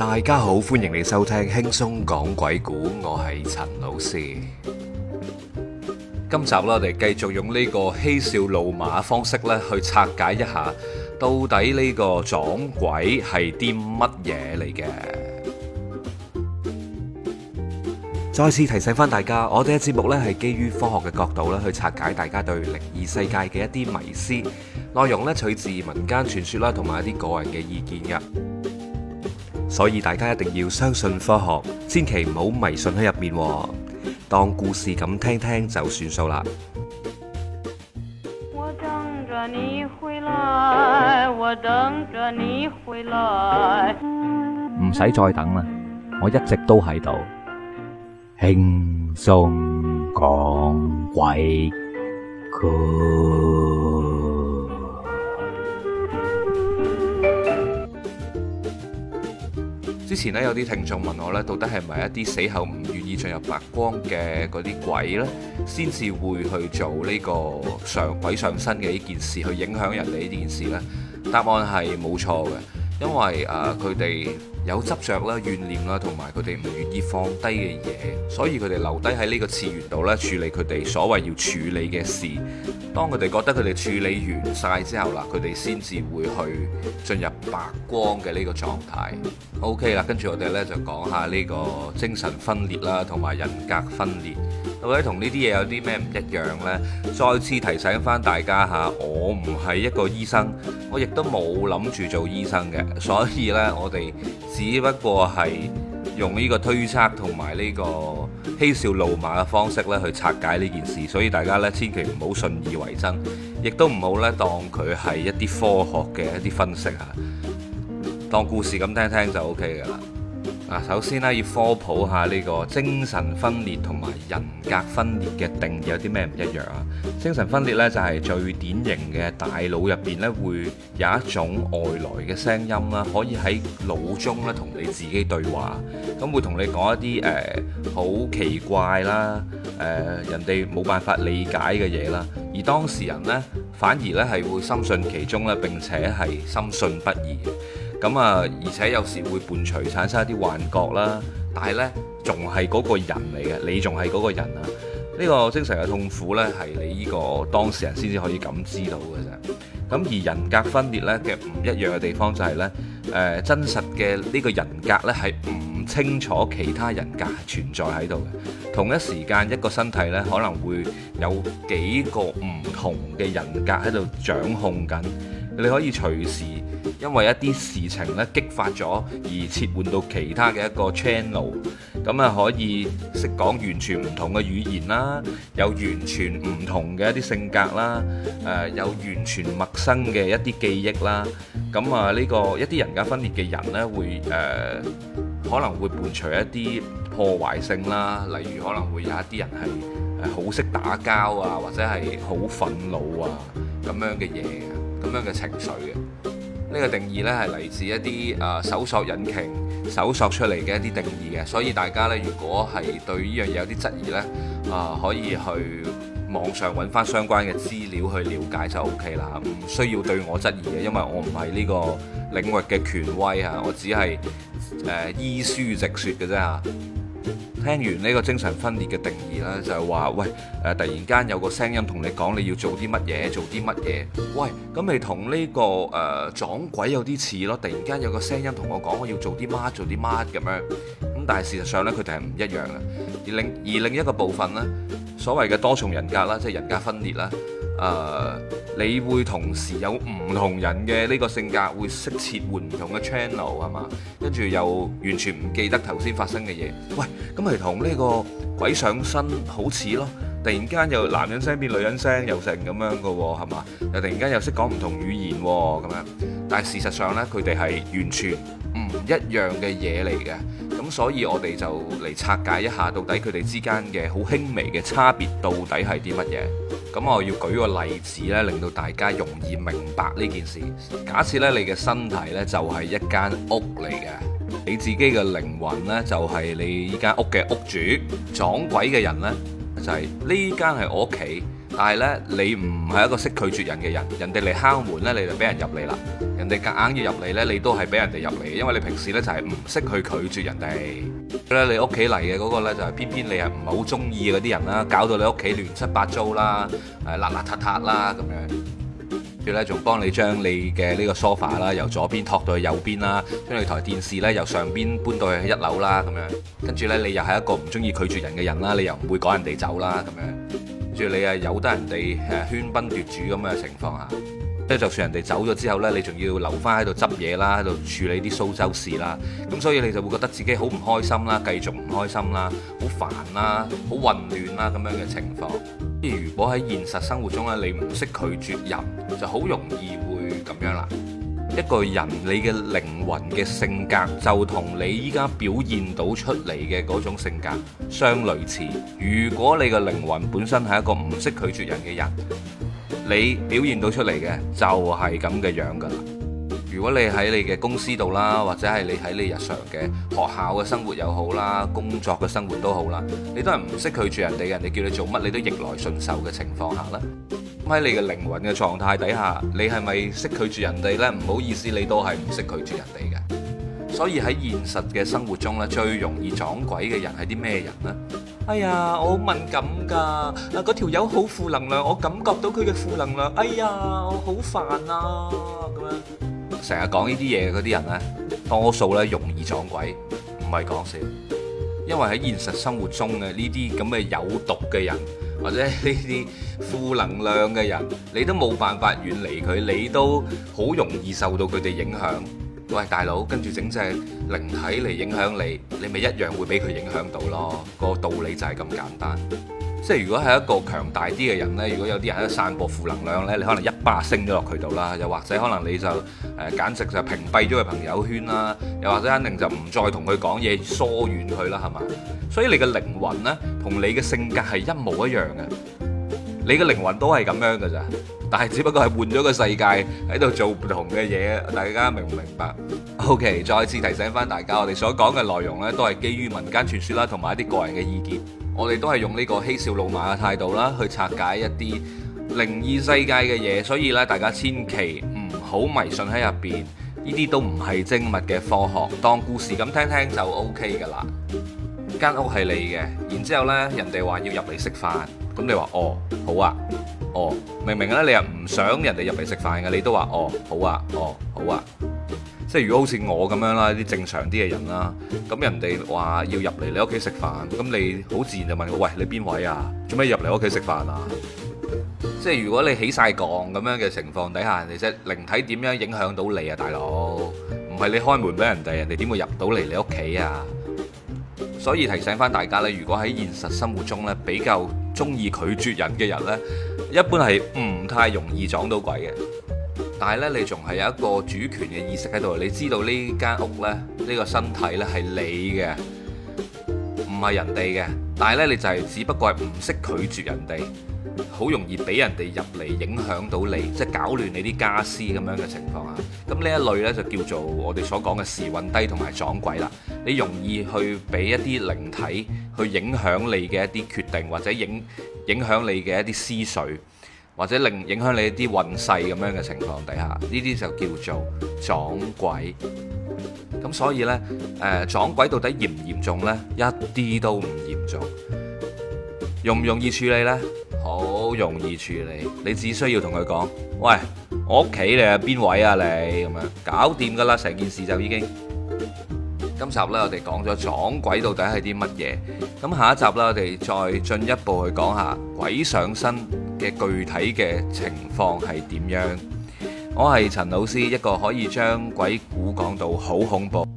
大家好，歡迎你收聽輕鬆講鬼故。我係陳老師。今集我哋繼續用呢個嬉笑怒罵方式咧，去拆解一下到底呢個撞鬼係啲乜嘢嚟嘅。再次提醒翻大家，我哋嘅節目咧係基於科學嘅角度啦，去拆解大家對靈異世界嘅一啲迷思。內容咧取自民間傳說啦，同埋一啲個人嘅意見嘅。所以大家一定要相信科學，千祈唔好迷信喺入面，當故事咁聽聽就算數啦。我等着你回來，我等着你回來。唔使再等啦，我一直都喺度，輕鬆講鬼故事。之前咧有啲聽眾問我咧，到底係咪一啲死後唔願意進入白光嘅嗰啲鬼呢？先至會去做呢個上鬼上身嘅呢件事，去影響人哋呢件事呢？答案係冇錯嘅，因為誒佢哋，呃有執着啦、怨念啦，同埋佢哋唔願意放低嘅嘢，所以佢哋留低喺呢個次元度，呢處理佢哋所謂要處理嘅事。當佢哋覺得佢哋處理完晒之後啦，佢哋先至會去進入白光嘅呢個狀態。OK 啦，跟住我哋呢就講下呢個精神分裂啦，同埋人格分裂。到底同呢啲嘢有啲咩唔一樣呢？再次提醒翻大家吓，我唔係一個醫生，我亦都冇諗住做醫生嘅，所以呢，我哋。只不過係用呢個推測同埋呢個嬉笑怒罵嘅方式咧去拆解呢件事，所以大家咧千祈唔好信以為真，亦都唔好咧當佢係一啲科學嘅一啲分析嚇，當故事咁聽聽就 OK 㗎喇。嗱，首先咧要科普下呢個精神分裂同埋人格分裂嘅定義有啲咩唔一樣啊？精神分裂呢，就係最典型嘅，大腦入邊咧會有一種外來嘅聲音啦，可以喺腦中咧同你自己對話，咁會同你講一啲誒好奇怪啦，誒、呃、人哋冇辦法理解嘅嘢啦，而當事人呢，反而咧係會深信其中咧，並且係深信不疑。咁啊，而且有時會伴隨產生一啲幻覺啦，但係咧，仲係嗰個人嚟嘅，你仲係嗰個人啊。呢個精神嘅痛苦咧，係你呢個當事人先至可以感知到嘅啫。咁而人格分裂咧嘅唔一樣嘅地方就係咧，誒真實嘅呢個人格咧係唔清楚其他人格存在喺度嘅。同一時間一個身體咧可能會有幾個唔同嘅人格喺度掌控緊。你可以隨時因為一啲事情咧激發咗而切換到其他嘅一個 channel，咁啊可以識講完全唔同嘅語言啦，有完全唔同嘅一啲性格啦，誒有完全陌生嘅一啲記憶啦，咁啊呢個一啲人格分裂嘅人呢，會、呃、誒可能會伴隨一啲破壞性啦，例如可能會有一啲人係好識打交啊，或者係好憤怒啊咁樣嘅嘢。咁樣嘅情緒嘅，呢、這個定義咧係嚟自一啲誒搜索引擎搜索出嚟嘅一啲定義嘅，所以大家咧如果係對呢樣嘢有啲質疑咧，啊、呃、可以去網上揾翻相關嘅資料去了解就 OK 啦，唔需要對我質疑嘅，因為我唔係呢個領域嘅權威嚇，我只係誒依書直説嘅啫。聽完呢個精神分裂嘅定義啦，就係話喂，誒突然間有個聲音同你講你要做啲乜嘢，做啲乜嘢？喂，咁咪同呢個誒撞鬼有啲似咯，突然間有個聲音同我講我要做啲乜，做啲乜咁樣。咁但係事實上呢，佢哋係唔一樣嘅。而另而另一個部分呢，所謂嘅多重人格啦，即係人格分裂啦。誒，uh, 你會同時有唔同人嘅呢個性格，會識切換唔同嘅 channel 係嘛？跟住又完全唔記得頭先發生嘅嘢。喂，咁咪同呢個鬼上身好似咯，突然間又男人聲變女人聲又成咁樣嘅喎，係嘛？又突然間又識講唔同語言喎，咁樣。但係事實上呢，佢哋係完全唔一樣嘅嘢嚟嘅。咁所以我哋就嚟拆解一下，到底佢哋之間嘅好輕微嘅差別，到底係啲乜嘢？咁我要舉個例子呢，令到大家容易明白呢件事。假設呢，你嘅身體呢就係一間屋嚟嘅，你自己嘅靈魂呢就係你依間屋嘅屋主，撞鬼嘅人呢就係呢間係我屋企，但係呢，你唔係一個識拒絕人嘅人，人哋嚟敲門呢，你就俾人入嚟啦。人哋夾硬要入嚟呢，你都係俾人哋入嚟，因為你平時呢就係唔識去拒絕人哋。咧你屋企嚟嘅嗰個咧就係偏偏你係唔好中意嗰啲人啦，搞到你屋企亂七八糟啦，誒邋邋遢遢啦咁樣。仲幫你將你嘅呢個 sofa 啦由左邊托到去右邊啦，將你台電視呢由上邊搬到去一樓啦咁樣。跟住呢，你又係一個唔中意拒絕人嘅人啦，你又唔會趕人哋走啦咁樣。跟住你係由得人哋誒喧賓奪主咁嘅情況下。即就算人哋走咗之後呢你仲要留翻喺度執嘢啦，喺度處理啲蘇州事啦，咁所以你就會覺得自己好唔開心啦，繼續唔開心啦，好煩啦，好混亂啦咁樣嘅情況。如果喺現實生活中咧，你唔識拒絕人，就好容易會咁樣啦。一個人你嘅靈魂嘅性，性格，就同你依家表現到出嚟嘅嗰種性格相類似。如果你嘅靈魂本身係一個唔識拒絕人嘅人。你表現到出嚟嘅就係咁嘅樣噶啦。如果你喺你嘅公司度啦，或者係你喺你日常嘅學校嘅生活又好啦，工作嘅生活都好啦，你都係唔識拒絕人哋嘅，人哋叫你做乜你都逆來順受嘅情況下啦。咁喺你嘅靈魂嘅狀態底下，你係咪識拒絕人哋呢？唔好意思，你都係唔識拒絕人哋嘅。所以喺現實嘅生活中咧，最容易撞鬼嘅人係啲咩人呢？哎呀，我好敏感噶，嗱嗰條友好負能量，我感覺到佢嘅負能量，哎呀，我好煩啊，咁樣。成日講呢啲嘢嗰啲人呢，多數呢容易撞鬼，唔係講笑，因為喺現實生活中嘅呢啲咁嘅有毒嘅人，或者呢啲負能量嘅人，你都冇辦法遠離佢，你都好容易受到佢哋影響。喂，大佬，跟住整隻靈體嚟影響你，你咪一樣會俾佢影響到咯。個道理就係咁簡單。即係如果係一個強大啲嘅人呢，如果有啲人喺度散播負能量呢，你可能一巴升咗落佢度啦。又或者可能你就誒簡直就屏蔽咗佢朋友圈啦。又或者肯定就唔再同佢講嘢，疏遠佢啦，係嘛？所以你嘅靈魂呢，同你嘅性格係一模一樣嘅。你嘅靈魂都係咁樣嘅咋。但係只不過係換咗個世界喺度做唔同嘅嘢，大家明唔明白？OK，再次提醒返大家，我哋所講嘅內容咧，都係基於民間傳説啦，同埋一啲個人嘅意見。我哋都係用呢個嬉笑怒罵嘅態度啦，去拆解一啲靈異世界嘅嘢。所以咧，大家千祈唔好迷信喺入邊，呢啲都唔係精密嘅科學，當故事咁聽聽就 OK 㗎啦。間屋係你嘅，然之後呢，人哋話要入嚟食飯，咁你話哦，好啊。哦，明明咧，你又唔想人哋入嚟食飯嘅，你都話哦好啊，哦好啊，即係如果好似我咁樣啦，啲正常啲嘅人啦，咁人哋話要入嚟你屋企食飯，咁你好自然就問喂，你邊位啊？做咩入嚟我屋企食飯啊？即係如果你起晒槓咁樣嘅情況底下，人哋隻靈體點樣影響到你啊，大佬？唔係你開門俾人哋，人哋點會入到嚟你屋企啊？所以提醒翻大家咧，如果喺現實生活中呢，比較中意拒絕人嘅人呢。一般係唔、嗯、太容易撞到鬼嘅，但係呢，你仲係有一個主權嘅意識喺度，你知道呢間屋呢，呢、這個身體呢，係你嘅，唔係人哋嘅。但係呢，你就係、是、只不過係唔識拒絕人哋，好容易俾人哋入嚟影響到你，即係搞亂你啲家私咁樣嘅情況啊。咁、嗯、呢一類呢，就叫做我哋所講嘅時運低同埋撞鬼啦。你容易去俾一啲靈體去影響你嘅一啲決定，或者影影響你嘅一啲思緒。或者令影響你一啲運勢咁樣嘅情況底下，呢啲就叫做撞鬼。咁所以呢，誒撞鬼到底嚴唔嚴重呢？一啲都唔嚴重。容唔容易處理呢？好容易處理。你只需要同佢講：「喂，我屋企你係邊位啊？你咁樣搞掂㗎啦，成件事就已經。今集呢，我哋講咗撞鬼到底係啲乜嘢。咁下一集呢，我哋再進一步去講下鬼上身。嘅具體嘅情況係點樣？我係陳老師，一個可以將鬼故講到好恐怖。